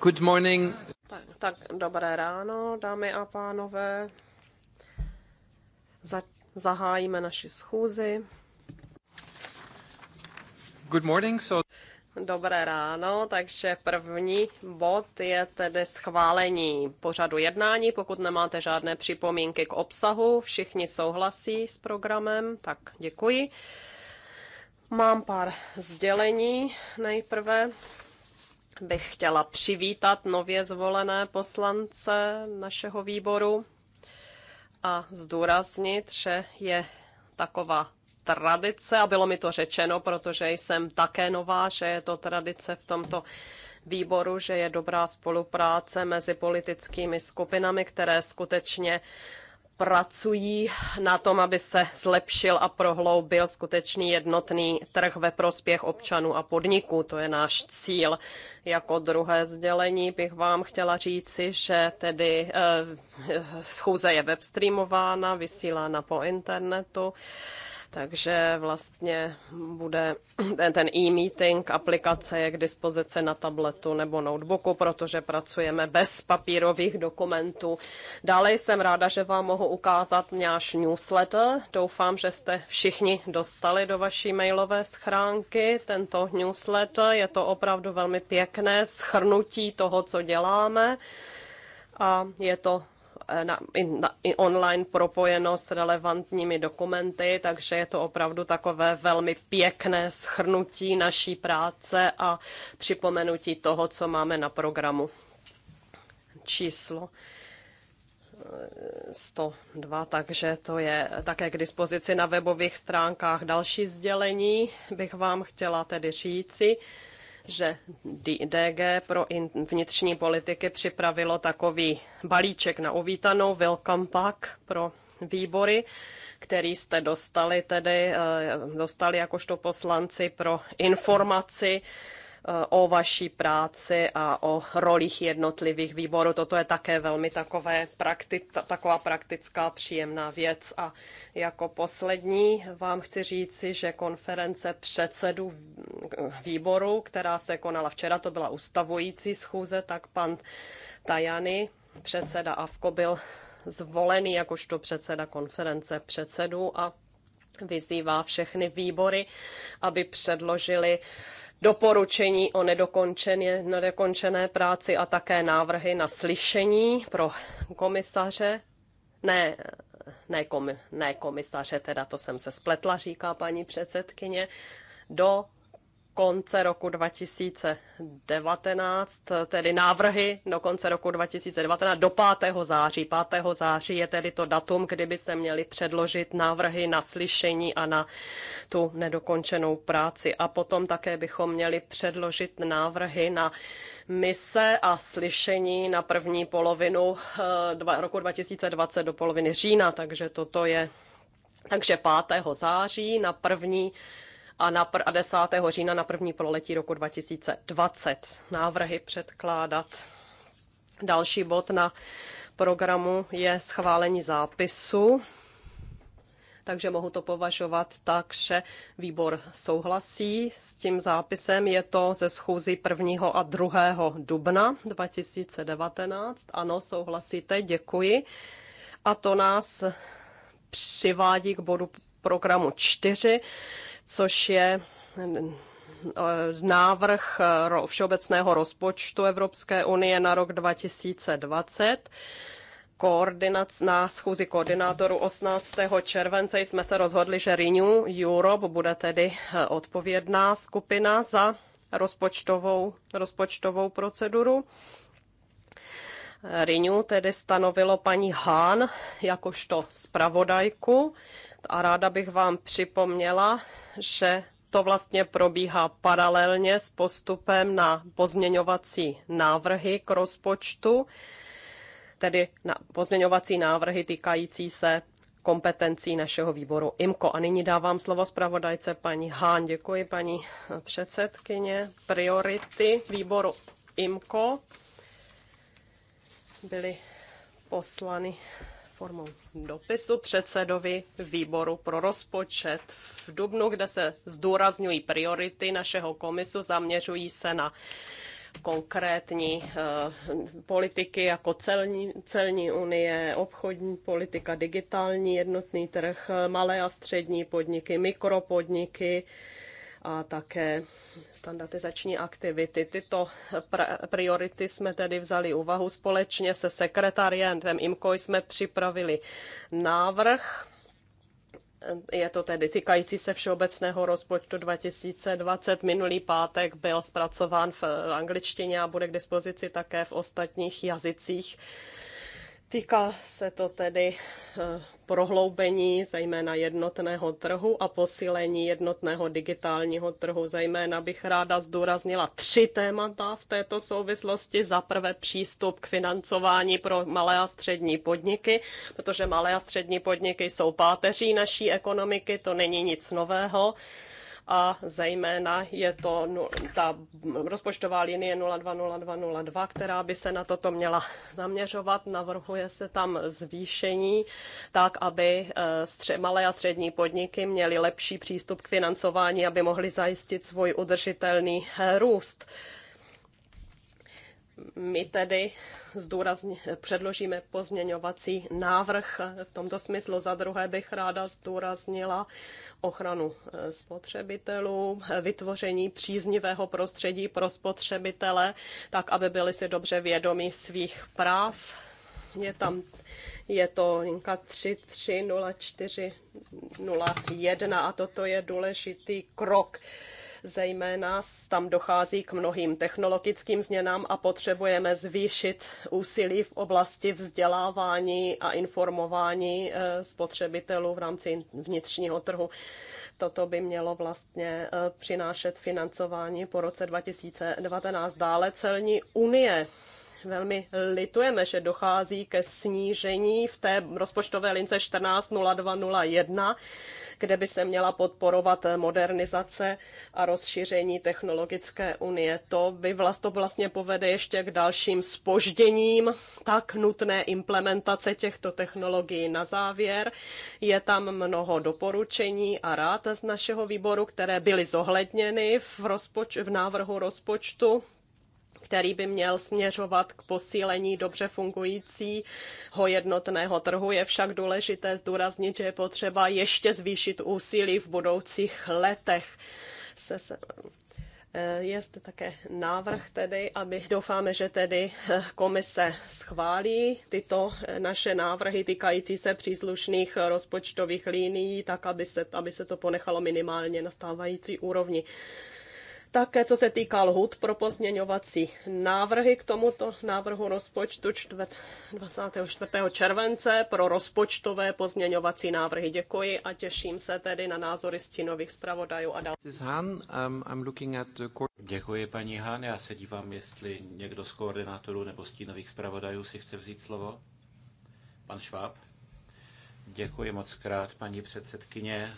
Good morning. Tak, tak dobré ráno, dámy a pánové. Za, zahájíme naši schůzi. Good morning. So... Dobré ráno, takže první bod je tedy schválení pořadu jednání. Pokud nemáte žádné připomínky k obsahu, všichni souhlasí s programem, tak děkuji. Mám pár sdělení. Nejprve bych chtěla přivítat nově zvolené poslance našeho výboru a zdůraznit, že je taková tradice, a bylo mi to řečeno, protože jsem také nová, že je to tradice v tomto výboru, že je dobrá spolupráce mezi politickými skupinami, které skutečně pracují na tom, aby se zlepšil a prohloubil skutečný jednotný trh ve prospěch občanů a podniků. To je náš cíl. Jako druhé sdělení bych vám chtěla říci, že tedy eh, schůze je webstreamována, vysílána po internetu takže vlastně bude ten, ten e-meeting, aplikace je k dispozici na tabletu nebo notebooku, protože pracujeme bez papírových dokumentů. Dále jsem ráda, že vám mohu ukázat náš newsletter. Doufám, že jste všichni dostali do vaší mailové schránky tento newsletter. Je to opravdu velmi pěkné schrnutí toho, co děláme. A je to Eh, na, na, online propojeno s relevantními dokumenty, takže je to opravdu takové velmi pěkné schrnutí naší práce a připomenutí toho, co máme na programu. Číslo 102, eh, takže to je také k dispozici na webových stránkách. Další sdělení bych vám chtěla tedy říci že DG pro vnitřní politiky připravilo takový balíček na uvítanou Welcome Pack pro výbory, který jste dostali tedy, eh, dostali jakožto poslanci pro informaci o vaší práci a o rolích jednotlivých výborů. Toto je také velmi takové prakti- taková praktická příjemná věc. A jako poslední vám chci říci, že konference předsedů výboru, která se konala včera, to byla ustavující schůze, tak pan Tajany, předseda AVKO, byl zvolený jakožto předseda konference předsedů a vyzývá všechny výbory, aby předložili uh, doporučení o nedokončené, nedokončené práci a také návrhy na slyšení pro komisaře. Ne, ne, komi, ne komisaře, teda to jsem se spletla, říká paní předsedkyně, do konce roku 2019, tedy návrhy do konce roku 2019 do 5. září. 5. září je tedy to datum, kdyby se měly předložit návrhy na slyšení a na tu nedokončenou práci. A potom také bychom měli předložit návrhy na mise a slyšení na první polovinu eh, roku 2020 do poloviny října, takže toto je takže 5. září na první a na pr- a 10. října na první pololetí roku 2020 návrhy předkládat. Další bod na programu je schválení zápisu, takže mohu to považovat tak, že výbor souhlasí s tím zápisem. Je to ze schůzy 1. a 2. dubna 2019. Ano, souhlasíte, děkuji. A to nás přivádí k bodu programu 4, což je eh, návrh eh, všeobecného rozpočtu Evropské unie na rok 2020 koordinac, na schůzi koordinátorů 18. července jsme se rozhodli, že Renew Europe bude tedy eh, odpovědná skupina za rozpočtovou, rozpočtovou proceduru. Renew tedy stanovilo paní Hán jakožto zpravodajku a ráda bych vám připomněla, že to vlastně probíhá paralelně s postupem na pozměňovací návrhy k rozpočtu, tedy na pozměňovací návrhy týkající se kompetencí našeho výboru IMKO. A nyní dávám slovo zpravodajce paní Hán. Děkuji, paní předsedkyně. Priority výboru IMKO byly poslány formou dopisu předsedovi výboru pro rozpočet v Dubnu, kde se zdůrazňují priority našeho komisu, zaměřují se na konkrétní uh, politiky jako celní, celní unie, obchodní politika, digitální jednotný trh, eh, malé a střední podniky, mikropodniky, uh, a také standardizační aktivity. Tyto priority jsme tedy vzali úvahu společně se sekretariátem IMCO jsme připravili návrh je to tedy týkající se všeobecného rozpočtu 2020. Minulý pátek byl zpracován v angličtině a bude k dispozici také v ostatních jazycích. Týká se to tedy eh, prohloubení zejména jednotného trhu a posílení jednotného digitálního trhu. Zejména bych ráda zdůraznila tři témata v této souvislosti. Za prvé přístup k financování pro malé a střední podniky, protože malé a střední podniky jsou páteří naší ekonomiky, to není nic nového a zejména je to ta rozpočtová linie 020202, která by se na toto měla zaměřovat. Navrhuje se tam zvýšení tak, aby e, malé a střední podniky měly lepší přístup k financování, aby mohly zajistit svůj udržitelný e, růst. My tedy zdůrazně předložíme pozměňovací návrh. V tomto smyslu za druhé bych ráda zdůraznila ochranu e, spotřebitelů, vytvoření příznivého prostředí pro spotřebitele, tak aby byli si dobře vědomi svých práv. Je tam je to linka 330401 a toto je důležitý krok Zejména tam dochází k mnohým technologickým změnám a potřebujeme zvýšit úsilí v oblasti vzdělávání a informování eh, spotřebitelů v rámci vnitřního trhu. Toto by mělo vlastně eh, přinášet financování po roce 2019. Dále celní unie velmi litujeme, že dochází ke snížení v té rozpočtové lince 14.02.01 kde by se měla podporovat modernizace a rozšíření technologické unie. To by vlast, to vlastně povede ještě k dalším spožděním tak nutné implementace těchto technologií. Na závěr je tam mnoho doporučení a rád z našeho výboru, které byly zohledněny v, rozpoč- v návrhu rozpočtu který by měl směřovat k posílení dobře fungujícího jednotného trhu. Je však důležité zdůraznit, že je potřeba ještě zvýšit úsilí v budoucích letech. Se, se, eh, je zde také návrh tedy, aby doufáme, že tedy eh, komise schválí tyto eh, naše návrhy týkající se příslušných rozpočtových linií, tak aby se, aby se to ponechalo minimálně na stávající úrovni. Také co se týká lhut pro pozměňovací návrhy k tomuto návrhu rozpočtu 24. července pro rozpočtové pozměňovací návrhy. Děkuji a těším se tedy na názory stínových zpravodajů a dalších. Um, Děkuji paní Han, já se dívám, jestli někdo z koordinátorů nebo stínových zpravodajů si chce vzít slovo. Pan Šváb. Děkuji moc krát, paní předsedkyně.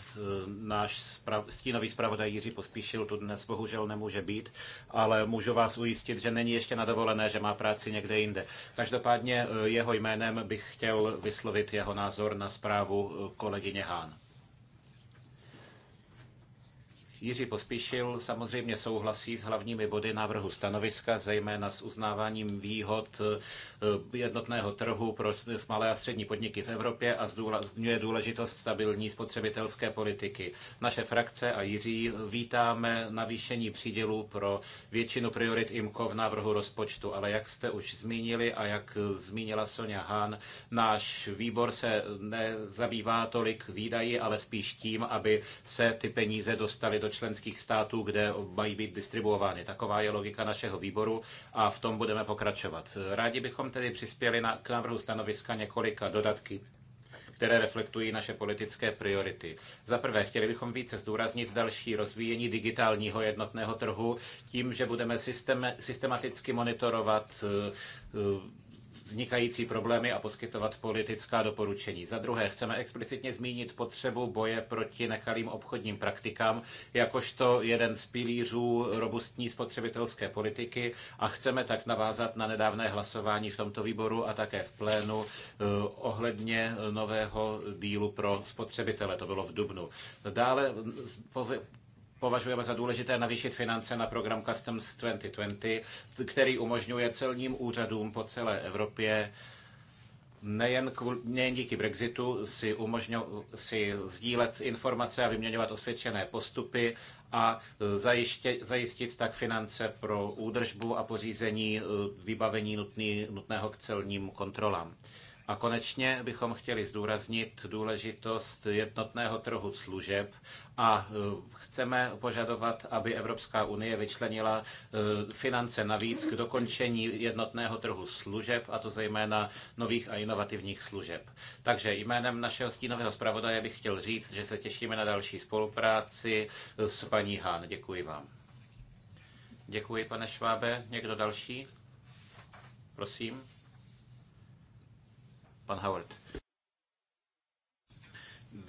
Náš sprav, stínový zpravodaj Jiří Pospíšil tu dnes bohužel nemůže být, ale můžu vás ujistit, že není ještě nadovolené, že má práci někde jinde. Každopádně eh, jeho jménem bych chtěl vyslovit jeho názor na zprávu eh, kolegyně Hán. Jiří Pospíšil samozřejmě souhlasí s hlavními body návrhu stanoviska, zejména s uznáváním výhod eh, jednotného trhu pro malé a střední podniky v Evropě a zdůrazňuje důležitost stabilní spotřebitelské politiky. Naše frakce a Jiří eh, vítáme navýšení přídělů pro většinu priorit IMCO v návrhu rozpočtu, ale jak jste už zmínili a jak eh, zmínila Sonja Hahn, náš výbor se nezabývá tolik výdaji, ale spíš tím, aby se ty peníze dostaly do členských států, kde mají být distribuovány. Taková je logika našeho výboru a v tom budeme pokračovat. Rádi bychom tedy přispěli na, k návrhu stanoviska několika dodatky které reflektují naše politické priority. Za prvé, chtěli bychom více zdůraznit další rozvíjení digitálního jednotného trhu tím, že budeme system, systematicky monitorovat eh, vznikající problémy a poskytovat politická doporučení. Za druhé, chceme explicitně zmínit potřebu boje proti nechalým obchodním praktikám, jakožto jeden z pilířů robustní spotřebitelské politiky a chceme tak navázat na nedávné hlasování v tomto výboru a také v plénu eh, ohledně nového dílu pro spotřebitele. To bylo v Dubnu. Dále považujeme za důležité navýšit finance na program Customs 2020, který umožňuje celním úřadům po celé Evropě nejen, kvůli, nejen díky Brexitu si, umožňo, si sdílet informace a vyměňovat osvědčené postupy a e, zajiště, zajistit tak finance pro údržbu a pořízení e, vybavení nutný, nutného k celním kontrolám. A konečně bychom chtěli zdůraznit důležitost jednotného trhu služeb a e, chceme požadovat, aby Evropská unie vyčlenila e, finance navíc k dokončení jednotného trhu služeb, a to zejména nových a inovativních služeb. Takže jménem našeho stínového zpravodaje bych chtěl říct, že se těšíme na další spolupráci e, s paní Hán. Děkuji vám. Děkuji, pane Švábe. Někdo další? Prosím. Pan Howard.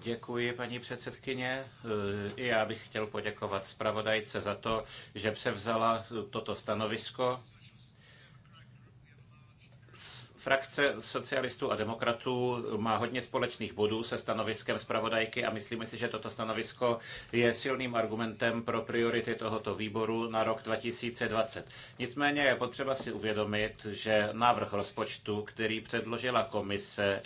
Děkuji, paní předsedkyně. E, I já bych chtěl poděkovat zpravodajce za to, že převzala toto stanovisko Frakce socialistů a demokratů má hodně společných bodů se stanoviskem zpravodajky a myslíme si, že toto stanovisko je silným argumentem pro priority tohoto výboru na rok 2020. Nicméně je potřeba si uvědomit, že návrh rozpočtu, který předložila komise,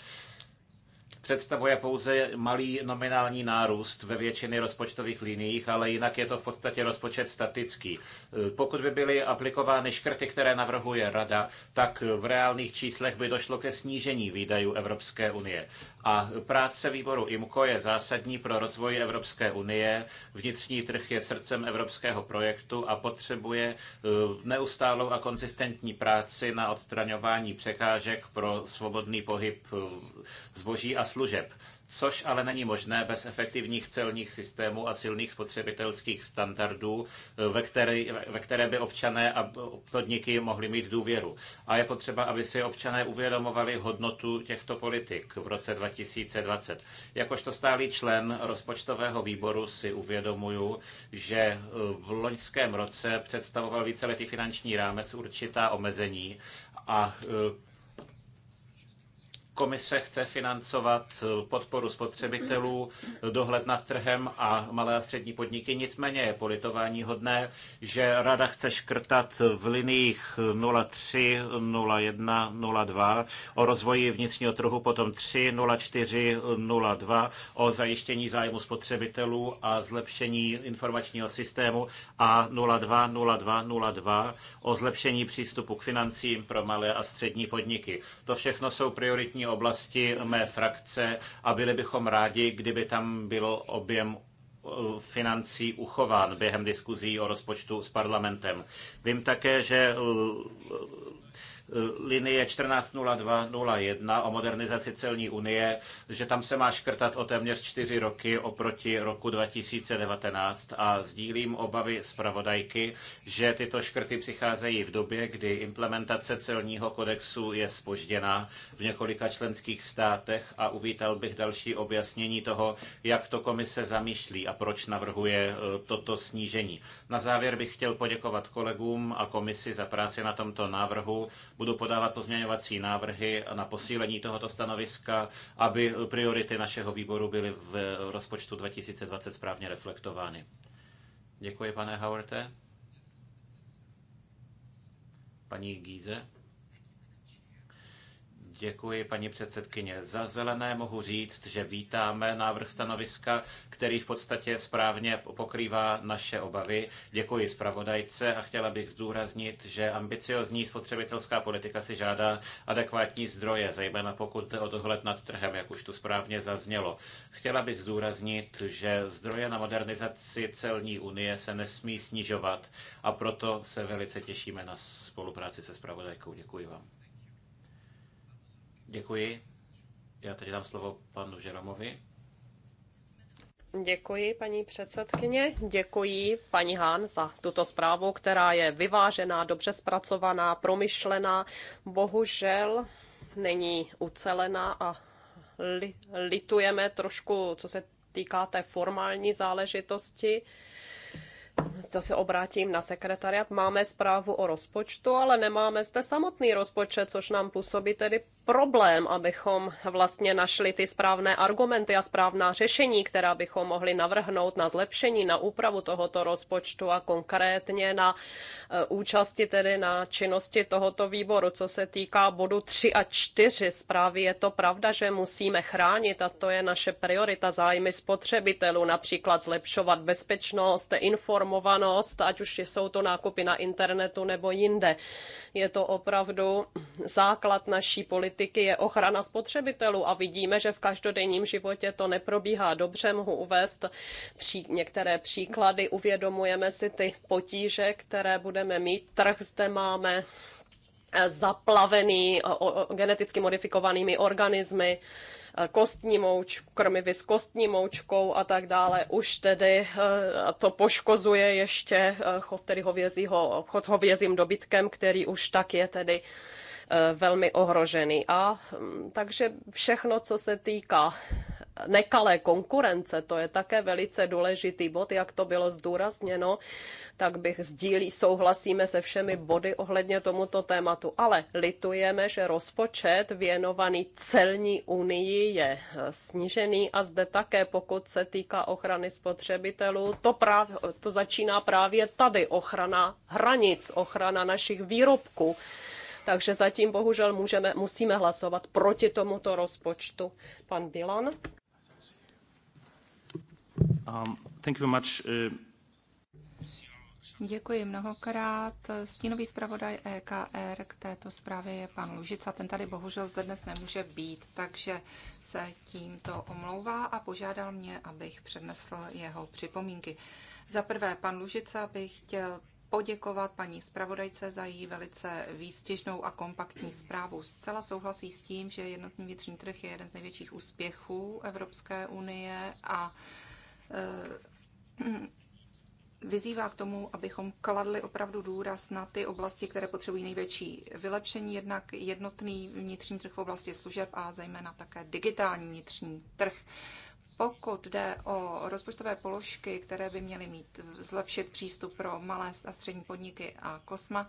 představuje pouze malý nominální nárůst ve většině rozpočtových liniích, ale jinak je to v podstatě rozpočet statický. E, pokud by byly aplikovány škrty, které navrhuje Rada, tak v reálných číslech by došlo ke snížení výdajů Evropské unie. A práce výboru IMCO je zásadní pro rozvoj Evropské unie. Vnitřní trh je srdcem evropského projektu a potřebuje e, neustálou a konzistentní práci na odstraňování překážek pro svobodný pohyb e, zboží a služeb což ale není možné bez efektivních celních systémů a silných spotřebitelských standardů, ve které, ve které by občané a podniky mohli mít důvěru. A je potřeba, aby si občané uvědomovali hodnotu těchto politik v roce 2020. Jakožto stálý člen rozpočtového výboru si uvědomuju, že v loňském roce představoval víceletý finanční rámec určitá omezení a Komise chce financovat eh, podporu spotřebitelů, dohled nad trhem a malé a střední podniky. Nicméně je politování hodné, že rada chce škrtat v liniích 03, 01, 02 o rozvoji vnitřního trhu, potom 3, 04, 02 o zajištění zájmu spotřebitelů a zlepšení informačního systému a 02, 02, 02 o zlepšení přístupu k financím pro malé a střední podniky. To všechno jsou prioritní oblasti mé frakce a byli bychom rádi, kdyby tam byl objem uh, financí uchován během diskuzí o rozpočtu s parlamentem. Vím také, že uh, Eh, linie 140201 o modernizaci celní unie, že tam se má škrtat o téměř čtyři roky oproti roku 2019 a sdílím obavy zpravodajky, že tyto škrty přicházejí v době, kdy implementace celního kodexu je spožděná v několika členských státech a uvítal bych další objasnění toho, jak to komise zamýšlí a proč navrhuje eh, toto snížení. Na závěr bych chtěl poděkovat kolegům a komisi za práci na tomto návrhu budu podávat pozměňovací návrhy na posílení tohoto stanoviska, aby priority našeho výboru byly v rozpočtu 2020 správně reflektovány. Děkuji, pane Howarte. Paní Gíze. Děkuji, paní předsedkyně. Za zelené mohu říct, že vítáme návrh stanoviska, který v podstatě správně pokrývá naše obavy. Děkuji zpravodajce a chtěla bych zdůraznit, že ambiciozní spotřebitelská politika si žádá adekvátní zdroje, zejména pokud jde o dohled nad trhem, jak už tu správně zaznělo. Chtěla bych zdůraznit, že zdroje na modernizaci celní unie se nesmí snižovat a proto se velice těšíme na spolupráci se zpravodajkou. Děkuji vám. Děkuji. Já tedy dám slovo panu Žeromovi. Děkuji, paní předsedkyně. Děkuji, paní Hán, za tuto zprávu, která je vyvážená, dobře zpracovaná, promyšlená. Bohužel není ucelená a li, litujeme trošku, co se týká té formální záležitosti to se obrátím na sekretariat, máme zprávu o rozpočtu, ale nemáme zde samotný rozpočet, což nám působí tedy problém, abychom vlastně našli ty správné argumenty a správná řešení, která bychom mohli navrhnout na zlepšení, na úpravu tohoto rozpočtu a konkrétně na eh, účasti tedy na činnosti tohoto výboru. Co se týká bodu 3 a 4 zprávy, je to pravda, že musíme chránit a to je naše priorita zájmy spotřebitelů, například zlepšovat bezpečnost, informovat informovanost, ať už jsou to nákupy na internetu nebo jinde. Je to opravdu základ naší politiky, je ochrana spotřebitelů a vidíme, že v každodenním životě to neprobíhá dobře. Mohu uvést pří, některé příklady, uvědomujeme si ty potíže, které budeme mít. Trh zde máme zaplavený geneticky modifikovanými organismy, Eh, kostní mouč, krmivy s kostní moučkou a tak dále. Už tedy eh, to poškozuje ještě eh, chod, tedy hovězího, chod hovězím dobytkem, který už tak je tedy velmi ohrožený. A mm, takže všechno, co se týká nekalé konkurence, to je také velice důležitý bod, jak to bylo zdůrazněno, tak bych sdílí, souhlasíme se všemi body ohledně tomuto tématu, ale litujeme, že rozpočet věnovaný celní unii je eh, snížený a zde také, pokud se týká ochrany spotřebitelů, to, práv, to začíná právě tady, ochrana hranic, ochrana našich výrobků. Takže zatím bohužel můžeme, musíme hlasovat proti tomuto rozpočtu. Pan Bilan. Um, uh, Děkuji mnohokrát. Stínový zpravodaj EKR k této zprávě je pan Lužica. Ten tady bohužel zde dnes nemůže být, takže se tímto omlouvá a požádal mě, abych přednesl jeho připomínky. Za prvé, pan Lužica bych chtěl poděkovat paní zpravodajce za její velice výstěžnou a kompaktní zprávu. Zcela souhlasí s tím, že jednotný vnitřní trh je jeden z největších úspěchů Evropské unie a Eh, vyzývá k tomu, abychom kladli opravdu důraz na ty oblasti, které potřebují největší vylepšení, jednak jednotný vnitřní trh v oblasti služeb a zejména také digitální vnitřní trh. Pokud jde o rozpočtové položky, které by měly mít zlepšit přístup pro malé a střední podniky a kosma,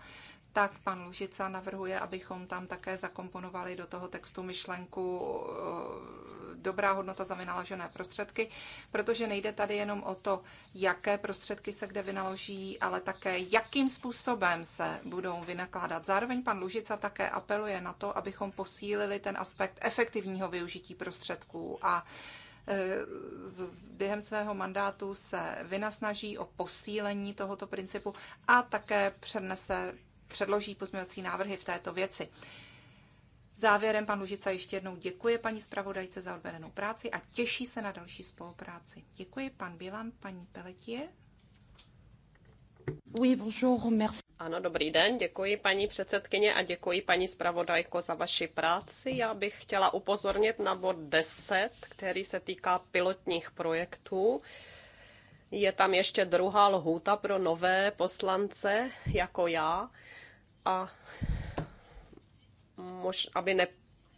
tak pan Lužica navrhuje, abychom tam také zakomponovali do toho textu myšlenku eh, dobrá hodnota za vynaložené prostředky, protože nejde tady jenom o to, jaké prostředky se kde vynaloží, ale také jakým způsobem se budou vynakládat. Zároveň pan Lužica také apeluje na to, abychom posílili ten aspekt efektivního využití prostředků a e, během svého mandátu se vynasnaží o posílení tohoto principu a také přednese, předloží pozměňovací návrhy v této věci. Závěrem pan Lužica ještě jednou děkuje paní zpravodajce za odvedenou práci a těší se na další spolupráci. Děkuji pan Bilan, paní Peletie. Oui, bonjour, merci. Ano, dobrý den, děkuji paní předsedkyně a děkuji paní zpravodajko za vaši práci. Já bych chtěla upozornit na bod 10, který se týká pilotních projektů. Je tam ještě druhá lhůta pro nové poslance, jako já. A mož, aby ne,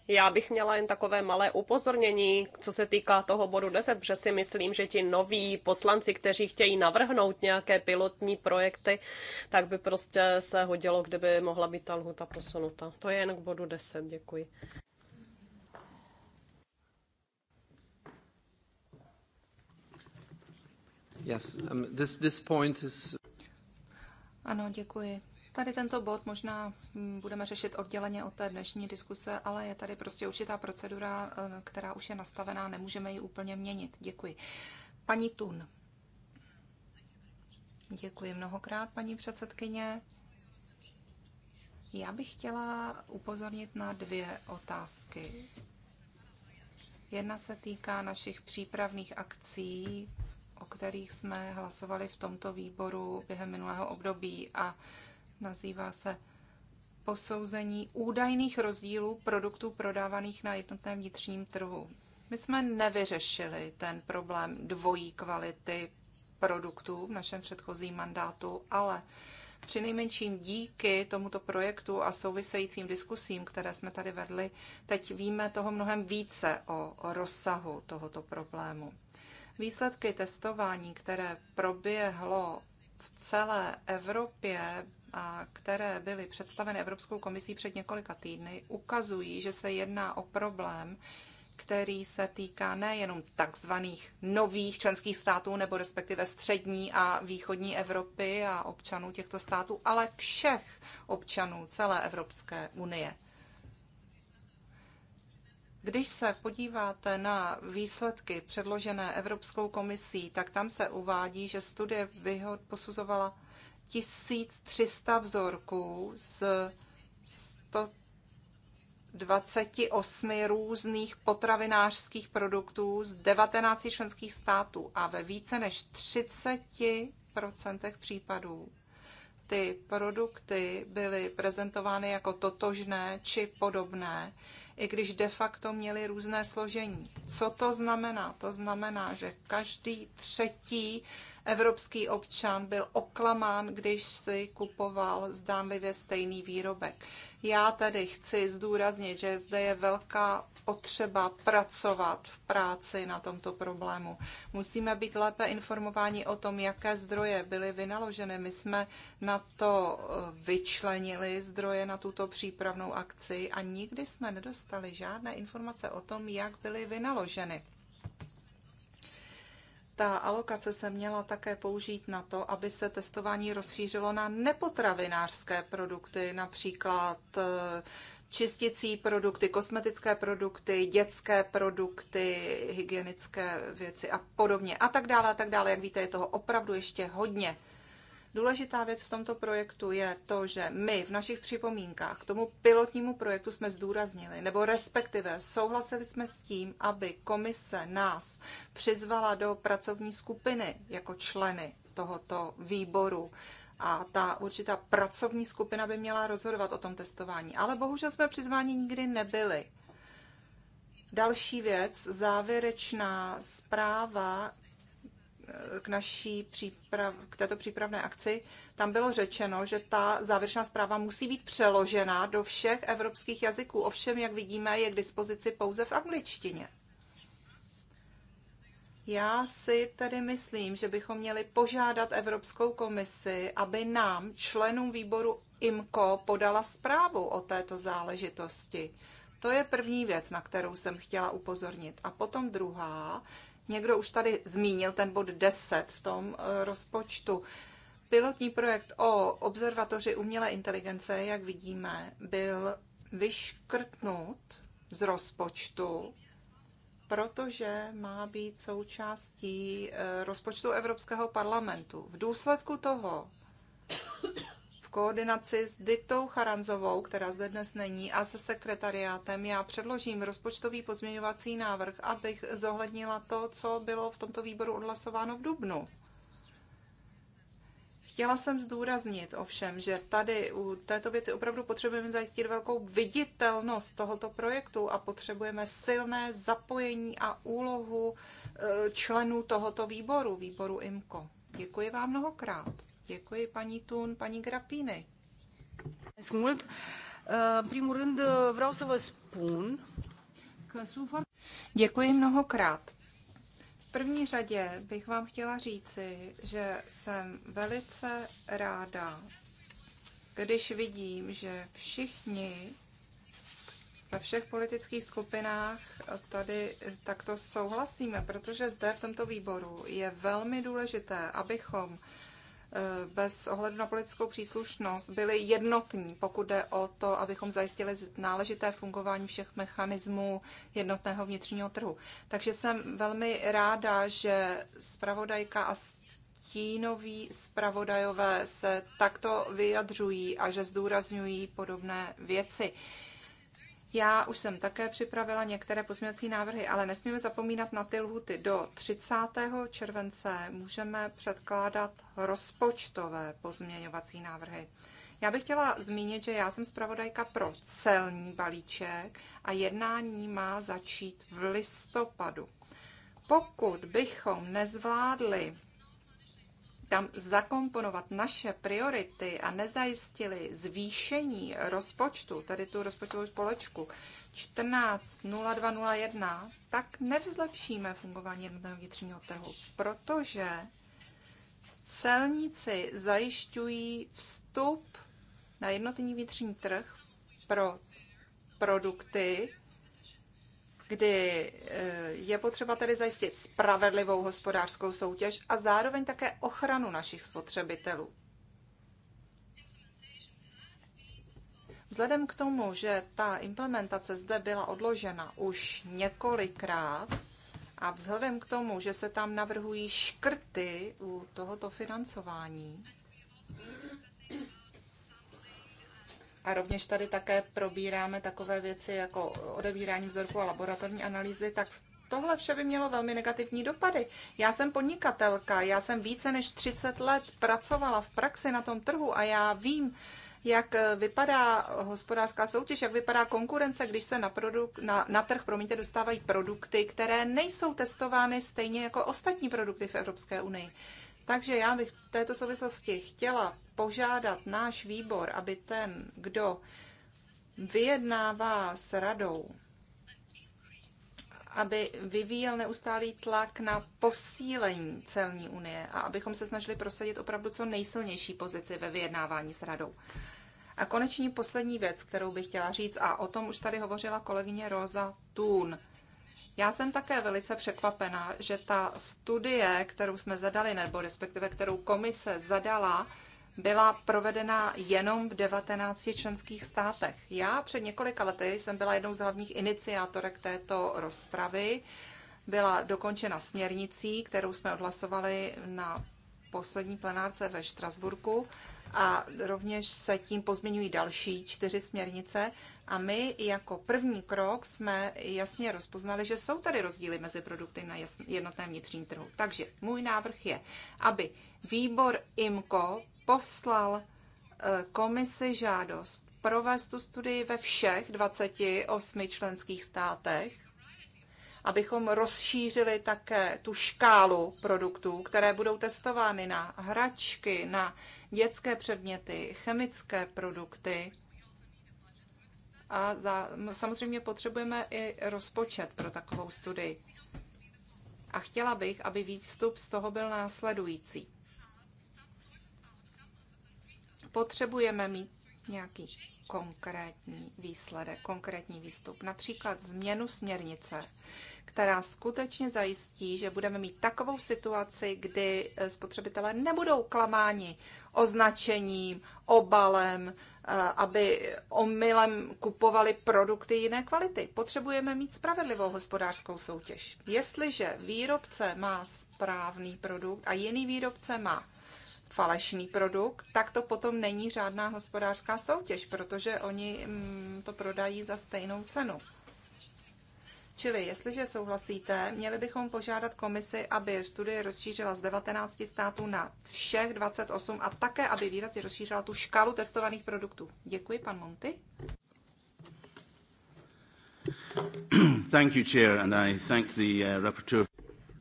já bych měla jen takové malé upozornění, co se týká toho bodu 10, protože si myslím, že ti noví poslanci, kteří chtějí navrhnout nějaké pilotní projekty, tak by prostě se hodilo, kdyby mohla být ta lhuta posunuta. To je jen k bodu 10, děkuji. Yes, um, this, this point is... Ano, děkuji. Tady tento bod možná hm, budeme řešit odděleně od té dnešní diskuse, ale je tady prostě určitá procedura, eh, která už je nastavená, nemůžeme ji úplně měnit. Děkuji. Paní Tun. Děkuji mnohokrát, paní předsedkyně. Já bych chtěla upozornit na dvě otázky. Jedna se týká našich přípravných akcí, o kterých jsme hlasovali v tomto výboru během minulého období a Nazývá se posouzení údajných rozdílů produktů prodávaných na jednotném vnitřním trhu. My jsme nevyřešili ten problém dvojí kvality produktů v našem předchozím mandátu, ale při nejmenším díky tomuto projektu a souvisejícím diskusím, které jsme tady vedli, teď víme toho mnohem více o rozsahu tohoto problému. Výsledky testování, které proběhlo v celé Evropě, a které byly představeny Evropskou komisí před několika týdny, ukazují, že se jedná o problém, který se týká nejenom takzvaných nových členských států nebo respektive střední a východní Evropy a občanů těchto států, ale všech občanů celé Evropské unie. Když se podíváte na výsledky předložené Evropskou komisí, tak tam se uvádí, že studie vyhod posuzovala 1300 vzorků z 128 různých potravinářských produktů z 19 členských států a ve více než 30% případů ty produkty byly prezentovány jako totožné či podobné, i když de facto měly různé složení. Co to znamená? To znamená, že každý třetí evropský občan byl oklamán, když si kupoval zdánlivě stejný výrobek. Já tedy chci zdůraznit, že zde je velká potřeba pracovat v práci na tomto problému. Musíme být lépe informováni o tom, jaké zdroje byly vynaloženy. My jsme na to eh, vyčlenili zdroje na tuto přípravnou akci a nikdy jsme nedostali žádné informace o tom, jak byly vynaloženy. Ta alokace se měla také použít na to, aby se testování rozšířilo na nepotravinářské produkty, například eh, čistící produkty, kosmetické produkty, dětské produkty, hygienické věci a podobně a tak dále a tak dále. Jak víte, je toho opravdu ještě hodně. Důležitá věc v tomto projektu je to, že my v našich připomínkách k tomu pilotnímu projektu jsme zdůraznili, nebo respektive souhlasili jsme s tím, aby komise nás přizvala do pracovní skupiny jako členy tohoto výboru, a ta určitá pracovní skupina by měla rozhodovat o tom testování. Ale bohužel jsme přizváni nikdy nebyli. Další věc, závěrečná zpráva eh, k naší příprav, k této přípravné akci, tam bylo řečeno, že ta závěrečná zpráva musí být přeložena do všech evropských jazyků. Ovšem, jak vidíme, je k dispozici pouze v angličtině. Já si tedy myslím, že bychom měli požádat Evropskou komisi, aby nám, členům výboru IMCO, podala zprávu o této záležitosti. To je první věc, na kterou jsem chtěla upozornit. A potom druhá, někdo už tady zmínil ten bod 10 v tom eh, rozpočtu. Pilotní projekt o observatoři umělé inteligence, jak vidíme, byl vyškrtnut z rozpočtu protože má být součástí eh, rozpočtu Evropského parlamentu. V důsledku toho v koordinaci s Ditou Charanzovou, která zde dnes není, a se sekretariátem já předložím rozpočtový pozměňovací návrh, abych zohlednila to, co bylo v tomto výboru odhlasováno v Dubnu. Chtěla jsem zdůraznit ovšem, že tady u této věci opravdu potřebujeme zajistit velkou viditelnost tohoto projektu a potřebujeme silné zapojení a úlohu e, členů tohoto výboru, výboru IMCO. Děkuji vám mnohokrát. Děkuji paní Tun, paní Grapíny. E, e, Děkuji mnohokrát první řadě bych vám chtěla říci, že jsem velice ráda, když vidím, že všichni ve všech politických skupinách tady takto souhlasíme, protože zde v tomto výboru je velmi důležité, abychom Eh, bez ohledu na politickou příslušnost byli jednotní, pokud jde o to, abychom zajistili náležité fungování všech mechanismů jednotného vnitřního trhu. Takže jsem velmi ráda, že zpravodajka a stínoví zpravodajové se takto vyjadřují a že zdůrazňují podobné věci. Já už jsem také připravila některé pozměňovací návrhy, ale nesmíme zapomínat na ty lhuty. Do 30. července můžeme předkládat rozpočtové pozměňovací návrhy. Já bych chtěla zmínit, že já jsem zpravodajka pro celní balíček a jednání má začít v listopadu. Pokud bychom nezvládli tam zakomponovat naše priority a nezajistili zvýšení rozpočtu, tady tu rozpočtovou společku 14.02.01, tak nevzlepšíme fungování jednotného vnitřního trhu, protože celníci zajišťují vstup na jednotný vnitřní trh pro produkty, kdy eh, je potřeba tedy zajistit spravedlivou hospodářskou soutěž a zároveň také ochranu našich spotřebitelů. Vzhledem k tomu, že ta implementace zde byla odložena už několikrát a vzhledem k tomu, že se tam navrhují škrty u tohoto financování, A rovněž tady také probíráme takové věci jako odebírání vzorku a laboratorní analýzy, tak tohle vše by mělo velmi negativní dopady. Já jsem podnikatelka, já jsem více než 30 let pracovala v praxi na tom trhu a já vím, jak eh, vypadá hospodářská soutěž, jak vypadá konkurence, když se na, produk- na, na trh promíte, dostávají produkty, které nejsou testovány stejně jako ostatní produkty v Evropské unii. Takže já bych v této souvislosti chtěla požádat náš výbor, aby ten, kdo vyjednává s radou, aby vyvíjel neustálý tlak na posílení celní unie a abychom se snažili prosadit opravdu co nejsilnější pozici ve vyjednávání s radou. A konečně poslední věc, kterou bych chtěla říct, a o tom už tady hovořila kolegyně Rosa Thun – já jsem také velice překvapena, že ta studie, kterou jsme zadali, nebo respektive kterou komise zadala, byla provedena jenom v 19 členských státech. Já před několika lety jsem byla jednou z hlavních iniciátorek této rozpravy. Byla dokončena směrnicí, kterou jsme odhlasovali na poslední plenárce ve Štrasburku a rovněž se tím pozměňují další čtyři směrnice. A my jako první krok jsme jasně rozpoznali, že jsou tady rozdíly mezi produkty na jednotném vnitřním trhu. Takže můj návrh je, aby výbor IMCO poslal eh, komisi žádost provést tu studii ve všech 28 členských státech abychom rozšířili také tu škálu produktů, které budou testovány na hračky, na dětské předměty, chemické produkty. A za, samozřejmě potřebujeme i rozpočet pro takovou studii. A chtěla bych, aby výstup z toho byl následující. Potřebujeme mít nějaký konkrétní výsledek, konkrétní výstup, například změnu směrnice, která skutečně zajistí, že budeme mít takovou situaci, kdy eh, spotřebitelé nebudou klamáni označením, obalem, eh, aby omylem kupovali produkty jiné kvality. Potřebujeme mít spravedlivou hospodářskou soutěž. Jestliže výrobce má správný produkt a jiný výrobce má falešný produkt, tak to potom není žádná hospodářská soutěž, protože oni mm, to prodají za stejnou cenu. Čili, jestliže souhlasíte, měli bychom požádat komisi, aby studie rozšířila z 19 států na všech 28 a také, aby výrazně rozšířila tu škálu testovaných produktů. Děkuji, pan Monty. Thank you, Chair, and I thank the uh,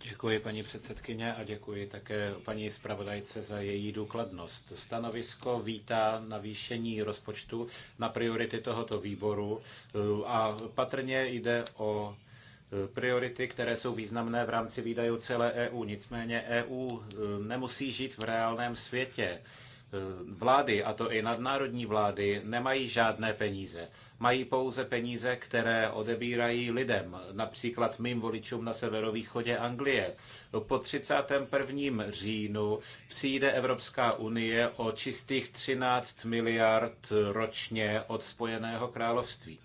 Děkuji paní předsedkyně a děkuji také paní zpravodajce za její důkladnost. Stanovisko vítá navýšení rozpočtu na priority tohoto výboru eh, a patrně jde o eh, priority, které jsou významné v rámci výdajů celé EU. Nicméně EU eh, nemusí žít v reálném světě Eh, vlády, a to i nadnárodní vlády, nemají žádné peníze. Mají pouze peníze, které odebírají lidem, například mým voličům na severovýchodě Anglie. Po 31. říjnu přijde Evropská unie o čistých 13 miliard ročně od Spojeného království.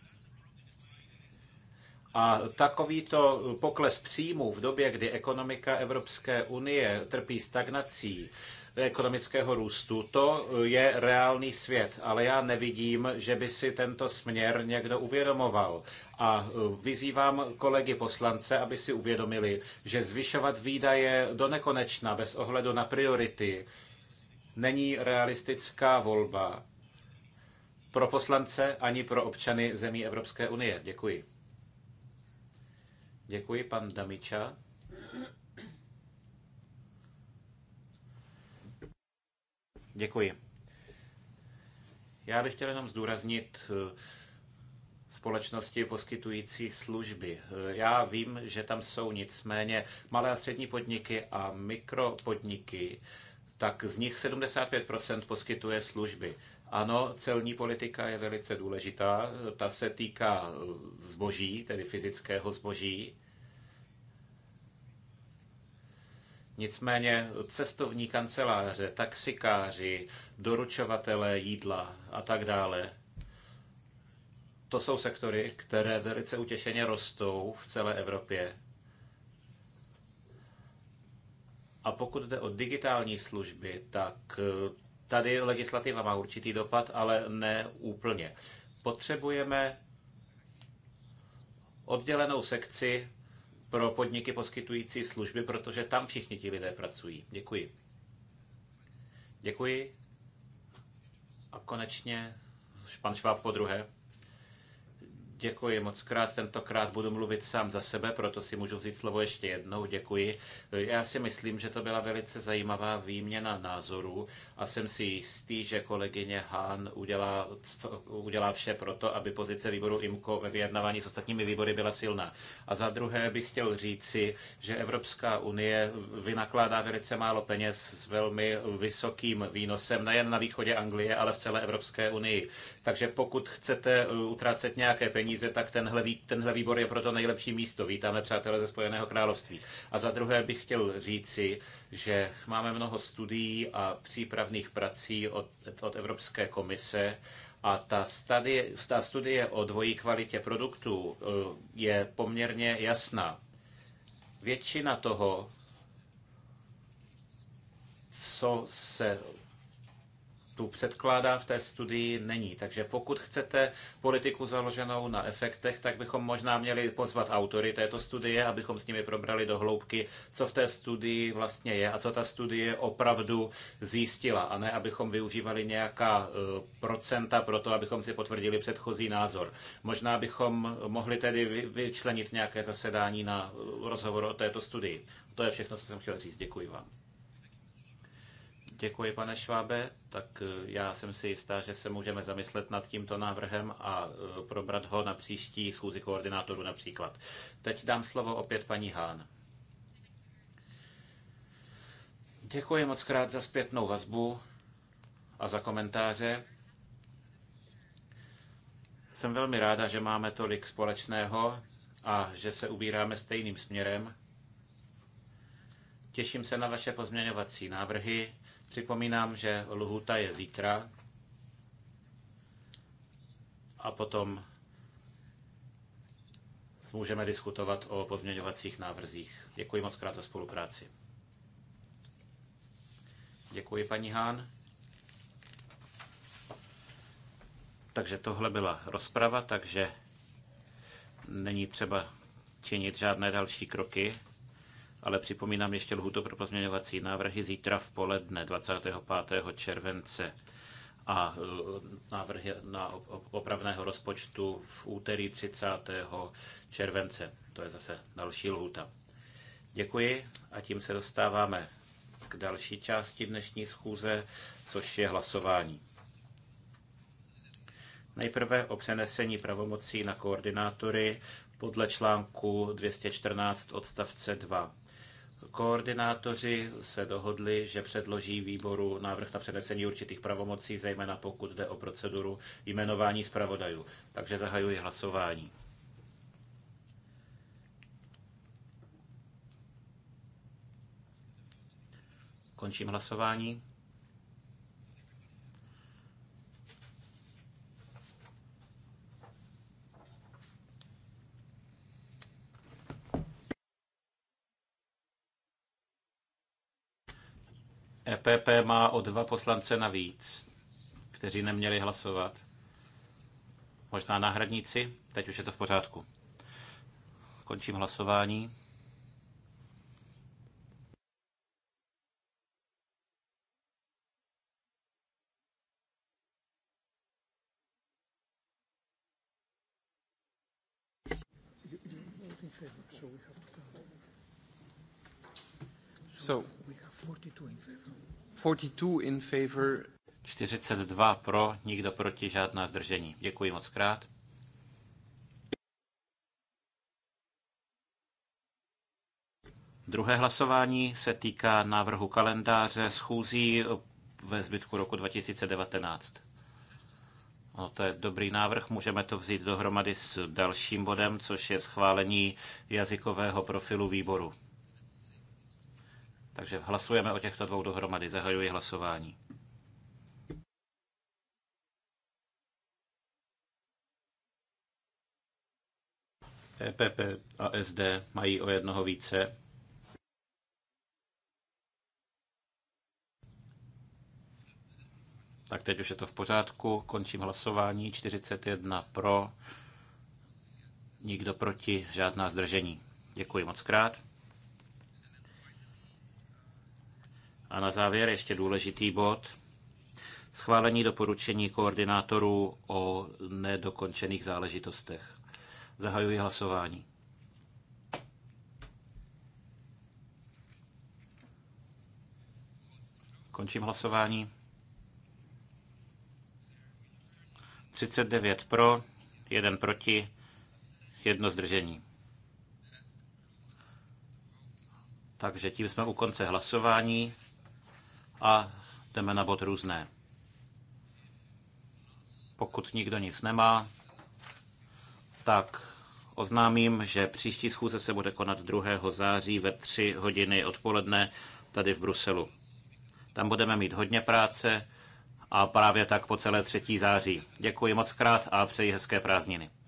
A takovýto pokles příjmů v době, kdy ekonomika Evropské unie trpí stagnací, ekonomického růstu. To je reálný svět, ale já nevidím, že by si tento směr někdo uvědomoval. A e, vyzývám kolegy poslance, aby si uvědomili, že zvyšovat výdaje do nekonečna bez ohledu na priority není realistická volba pro poslance ani pro občany zemí Evropské unie. Děkuji. Děkuji, pan Damiča. Děkuji. Já bych chtěl jenom zdůraznit eh, společnosti poskytující služby. Eh, já vím, že tam jsou nicméně malé a střední podniky a mikropodniky, tak z nich 75% poskytuje služby. Ano, celní politika je velice důležitá. Ta se týká eh, zboží, tedy fyzického zboží, Nicméně cestovní kanceláře, taxikáři, doručovatelé jídla a tak dále, to jsou sektory, které velice utěšeně rostou v celé Evropě. A pokud jde o digitální služby, tak eh, tady legislativa má určitý dopad, ale ne úplně. Potřebujeme oddělenou sekci pro podniky poskytující služby, protože tam všichni ti lidé pracují. Děkuji. Děkuji. A konečně pan Šváb po druhé. Děkuji moc krát. Tentokrát budu mluvit sám za sebe, proto si můžu vzít slovo ještě jednou. Děkuji. Já si myslím, že to byla velice zajímavá výměna názorů a jsem si jistý, že kolegyně Hán udělá, udělá vše to, aby pozice výboru IMCO ve vyjednávání s ostatními výbory byla silná. A za druhé bych chtěl říci, že Evropská unie vynakládá velice málo peněz s velmi vysokým výnosem, nejen na východě Anglie, ale v celé Evropské unii. Takže pokud chcete utrácet nějaké peníze, peníze, tak tenhle, tenhle výbor je proto nejlepší místo. Vítáme přátelé ze Spojeného království. A za druhé bych chtěl říci, že máme mnoho studií a přípravných prací od, od Evropské komise a ta, studie, ta studie o dvojí kvalitě produktů eh, je poměrně jasná. Většina toho, co se tu předkládá v té studii, není. Takže pokud chcete politiku založenou na efektech, tak bychom možná měli pozvat autory této studie, abychom s nimi probrali do hloubky, co v té studii vlastně je a co ta studie opravdu zjistila, a ne abychom využívali nějaká e, procenta pro to, abychom si potvrdili předchozí názor. Možná bychom mohli tedy vyčlenit nějaké zasedání na e, rozhovor o této studii. To je všechno, co jsem chtěl říct. Děkuji vám. Děkuji, pane Švábe. Tak e, já jsem si jistá, že se můžeme zamyslet nad tímto návrhem a e, probrat ho na příští schůzi koordinátorů například. Teď dám slovo opět paní Hán. Děkuji moc krát za zpětnou vazbu a za komentáře. Jsem velmi ráda, že máme tolik společného a že se ubíráme stejným směrem. Těším se na vaše pozměňovací návrhy Připomínám, že lhuta je zítra a potom můžeme diskutovat o pozměňovacích návrzích. Děkuji moc krát za spolupráci. Děkuji, paní Hán. Takže tohle byla rozprava, takže není třeba činit žádné další kroky ale připomínám ještě lhutu pro pozměňovací návrhy zítra v poledne 25. července a eh, návrhy na opravného rozpočtu v úterý 30. července. To je zase další lhuta. Děkuji a tím se dostáváme k další části dnešní schůze, což je hlasování. Nejprve o přenesení pravomocí na koordinátory podle článku 214 odstavce 2. Koordinátoři se dohodli, že předloží výboru návrh na přenesení určitých pravomocí, zejména pokud jde o proceduru jmenování zpravodajů. Takže zahajuji hlasování. Končím hlasování. EPP má o dva poslance navíc, kteří neměli hlasovat. Možná náhradníci? Teď už je to v pořádku. Končím hlasování. 42 42 pro, nikdo proti, žádná zdržení. Děkuji moc krát. Druhé hlasování se týká návrhu kalendáře schůzí ve zbytku roku 2019. No, to je dobrý návrh, můžeme to vzít dohromady s dalším bodem, což je schválení jazykového profilu výboru. Takže hlasujeme o těchto dvou dohromady. Zahajuji hlasování. EPP a SD mají o jednoho více. Tak teď už je to v pořádku, končím hlasování, 41 pro, nikdo proti, žádná zdržení. Děkuji moc krát. A na závěr ještě důležitý bod. Schválení doporučení koordinátorů o nedokončených záležitostech. Zahajuji hlasování. Končím hlasování. 39 pro, 1 proti, 1 zdržení. Takže tím jsme u konce hlasování a jdeme na bod různé. Pokud nikdo nic nemá, tak oznámím, že příští schůze se bude konat 2. září ve 3 hodiny odpoledne tady v Bruselu. Tam budeme mít hodně práce a právě tak po celé 3. září. Děkuji moc krát a přeji hezké prázdniny.